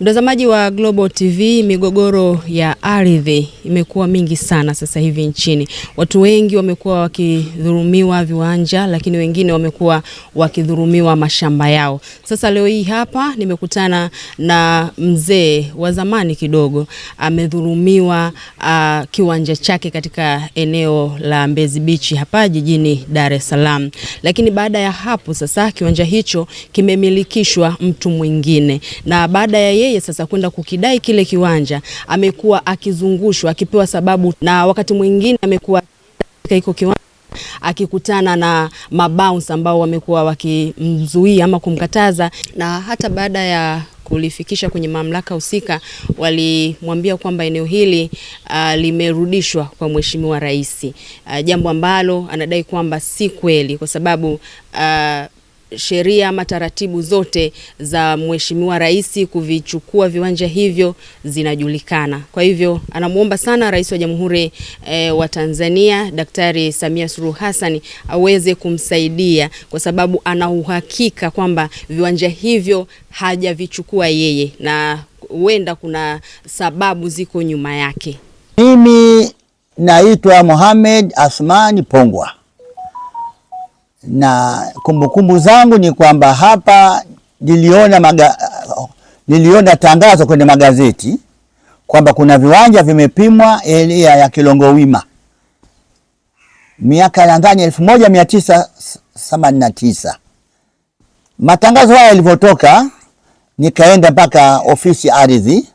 Mtazamaji wa Global TV, migogoro ya ardhi imekuwa mingi sana sasa hivi nchini. Watu wengi wamekuwa wakidhulumiwa viwanja, lakini wengine wamekuwa wakidhulumiwa mashamba yao. Sasa leo hii hapa nimekutana na mzee wa zamani kidogo, amedhulumiwa uh, kiwanja chake katika eneo la Mbezi Beach hapa jijini Dar es Salaam, lakini baada ya hapo sasa kiwanja hicho kimemilikishwa mtu mwingine na baada ya yeye yeye sasa kwenda kukidai kile kiwanja amekuwa akizungushwa, akipewa sababu, na wakati mwingine amekuwa iko kiwanja akikutana na mabounce ambao wamekuwa wakimzuia ama kumkataza, na hata baada ya kulifikisha kwenye mamlaka husika walimwambia kwamba eneo hili uh, limerudishwa kwa Mheshimiwa Rais, uh, jambo ambalo anadai kwamba si kweli kwa sababu uh, sheria ama taratibu zote za Mheshimiwa Rais kuvichukua viwanja hivyo zinajulikana. Kwa hivyo anamwomba sana Rais wa Jamhuri e, wa Tanzania Daktari Samia Suluhu Hassan aweze kumsaidia kwa sababu ana uhakika kwamba viwanja hivyo hajavichukua yeye na huenda kuna sababu ziko nyuma yake. Mimi naitwa Mohamed Athmani Pongwa na kumbukumbu zangu ni kwamba hapa niliona maga, niliona tangazo kwenye magazeti kwamba kuna viwanja vimepimwa eneo ya Kilongowima miaka ya ndani elfu moja mia tisa themanini na tisa. Matangazo haya yalivyotoka, nikaenda mpaka ofisi ardhi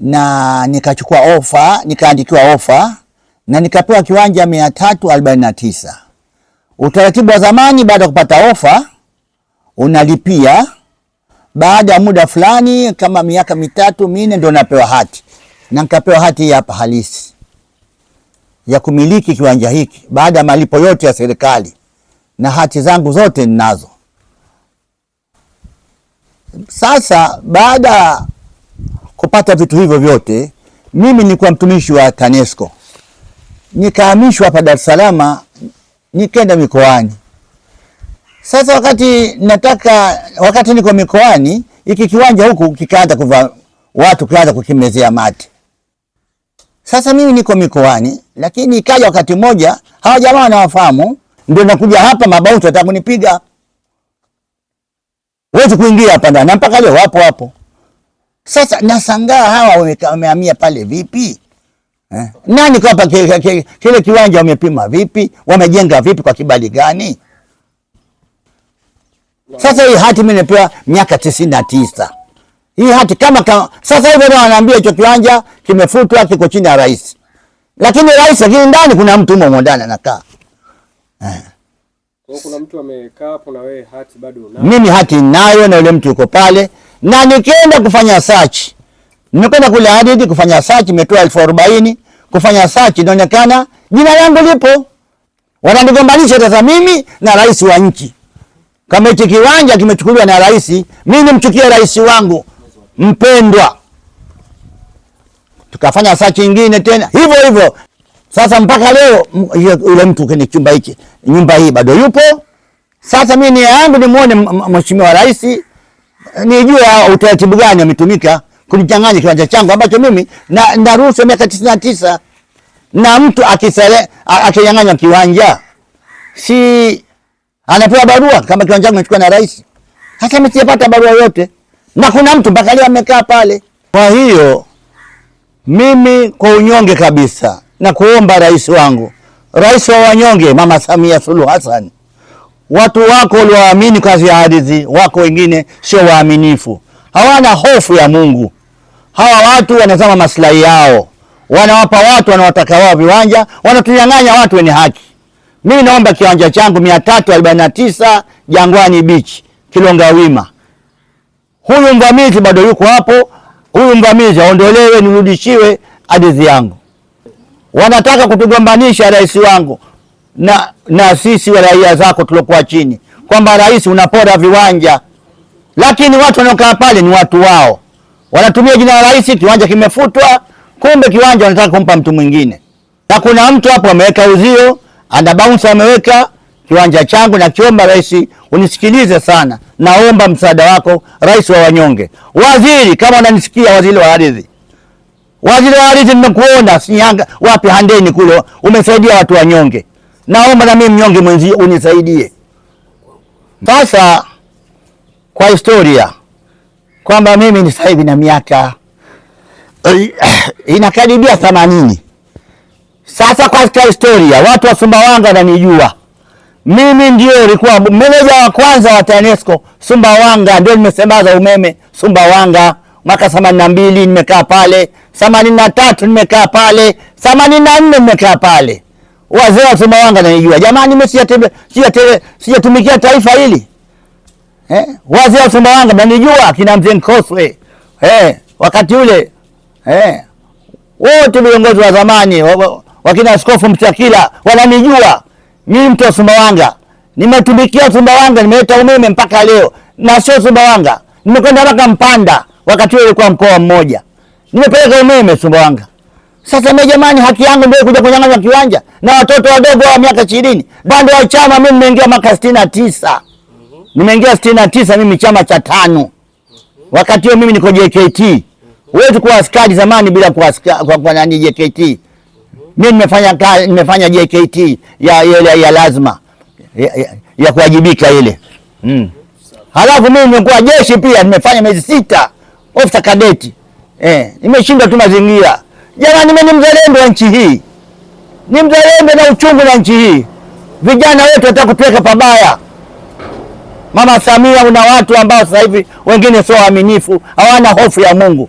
na nikachukua ofa, nikaandikiwa ofa na nikapewa kiwanja mia tatu arobaini na tisa Utaratibu wa zamani, baada ya kupata ofa unalipia, baada ya muda fulani kama miaka mitatu minne, ndio napewa hati, na nikapewa hati hii hapa halisi ya kumiliki kiwanja hiki baada ya malipo yote ya serikali, na hati zangu zote ninazo. Sasa baada kupata vitu hivyo vyote, mimi nilikuwa mtumishi wa TANESCO nikahamishwa hapa Dar es Salaam nikenda mikoani. Sasa wakati nataka, wakati niko mikoani, iki kiwanja huku kikaanza kuva watu kaanza kukimezea mate. Sasa mimi niko mikoani, lakini ikaja wakati mmoja hawa jamaa nawafahamu, ndio nakuja hapa mabauti wataka kunipiga. Wezi kuingia hapa ndani mpaka leo wapo hapo. Sasa nasangaa hawa wamehamia pale vipi? Eh? Nani kapa kile, kile, kile kiwanja wamepima vipi? Wamejenga vipi? Kwa kibali gani? Sasa hii hati mimi nimepewa miaka tisini na tisa. Hii hati kama, kama sasa hivi bwana anaambia hicho kiwanja kimefutwa kiko chini ya rais. Lakini rais lakini ndani kuna mtu mmoja ndani anakaa. Eh. Kwa kuna mtu amekaa hapo na wewe hati bado unayo. Mimi hati nayo na yule mtu yuko pale na nikienda kufanya search Nimekwenda kule hadithi kufanya search, imetoa elfu arobaini kufanya search, inaonekana jina langu lipo. Wananigombanisha sasa mimi na rais wa nchi, kama hichi kiwanja kimechukuliwa na rais, mimi nimchukie rais wangu mpendwa. Tukafanya search nyingine tena hivyo hivyo. Sasa mpaka leo yule mtu kwenye chumba hiki, nyumba hii bado yupo. Sasa mimi ni yangu nimuone mheshimiwa rais, nijue utaratibu gani umetumika kunichanganya kiwanja changu ambacho mimi na naruhusu miaka tisini na tisa na mtu akisale akinyang'anywa kiwanja si anapewa barua kama kiwanja changu nachukua na rais. Hata mimi sijapata barua yote, na kuna mtu mpaka leo amekaa pale. Kwa hiyo mimi kwa unyonge kabisa na kuomba rais wangu, rais wa wanyonge, Mama Samia Suluhu Hassan, watu wako walioamini kazi ya ardhi, wako wengine sio waaminifu, hawana hofu ya Mungu hawa watu wanazama maslahi yao, wanawapa watu wanawataka wao viwanja, wanatunyang'anya watu wenye haki. Mimi naomba kiwanja changu mia tatu arobaini na tisa Jangwani Beach Kilongawima. Huyu mvamizi bado yuko hapo, huyu mvamizi aondolewe, nirudishiwe ardhi yangu. Wanataka kutugombanisha rais wangu na, na sisi wa raia zako tuliokuwa chini, kwamba rais unapora viwanja, lakini watu wanaokaa pale ni watu wao wanatumia jina la rais, kiwanja kimefutwa, kumbe kiwanja wanataka kumpa mtu mwingine, na kuna mtu hapo ameweka uzio ana bounce ameweka kiwanja changu. Nakiomba rais unisikilize sana, naomba msaada wako, rais wa wanyonge. Waziri kama unanisikia, waziri wa ardhi, waziri wa ardhi, nimekuona Shinyanga wapi, Handeni kule, umesaidia watu wanyonge, naomba na mimi mnyonge mwenzio unisaidie. Sasa kwa historia kwamba mimi ni sasa hivi na miaka eh, inakaribia themanini sasa. Katika historia watu wa Sumbawanga wananijua mimi, ndio nilikuwa meneja wa kwanza wa TANESCO Sumbawanga, ndio nimesambaza umeme Sumbawanga mwaka mbili nimekaa pale, tatu nimekaa pale, 84 nimekaa pale. Wazee wa Sumbawanga wananijua. Jamani, mimi sijatumikia taifa hili eh? Wazee wa Sumbawanga mnanijua kina mzee Nkoswe eh, wakati ule eh, wote viongozi wa zamani wakina Askofu Mtakila wananijua mimi, mtu wa Sumbawanga, nimetumikia Sumbawanga, nimeleta umeme mpaka leo, na sio Sumbawanga, nimekwenda mpaka Mpanda, wakati ule ulikuwa mkoa mmoja, nimepeleka umeme Sumbawanga. Sasa mimi jamani, haki yangu ndio kuja kunyang'anywa kiwanja na watoto wadogo wa miaka 20 bado wa chama. Mimi nimeingia mwaka sitini tisa nimeingia sitini na tisa mimi chama cha tano, wakati huo mimi niko JKT. Huwezi kuwa askari zamani bila kuwa kwa nani JKT. Mimi nimefanya nimefanya JKT ya ile ya lazima ya, ya, ya kuwajibika ile mm. Halafu mimi nimekuwa jeshi pia, nimefanya miezi sita ofisa kadeti eh, nimeshinda tu mazingira. Jamani, mimi ni mzalendo wa nchi hii, ni mzalendo na uchungu na nchi hii. Vijana wetu watakutweka pabaya. Mama Samia, una watu ambao sasa hivi wengine sio waaminifu, hawana hofu ya Mungu.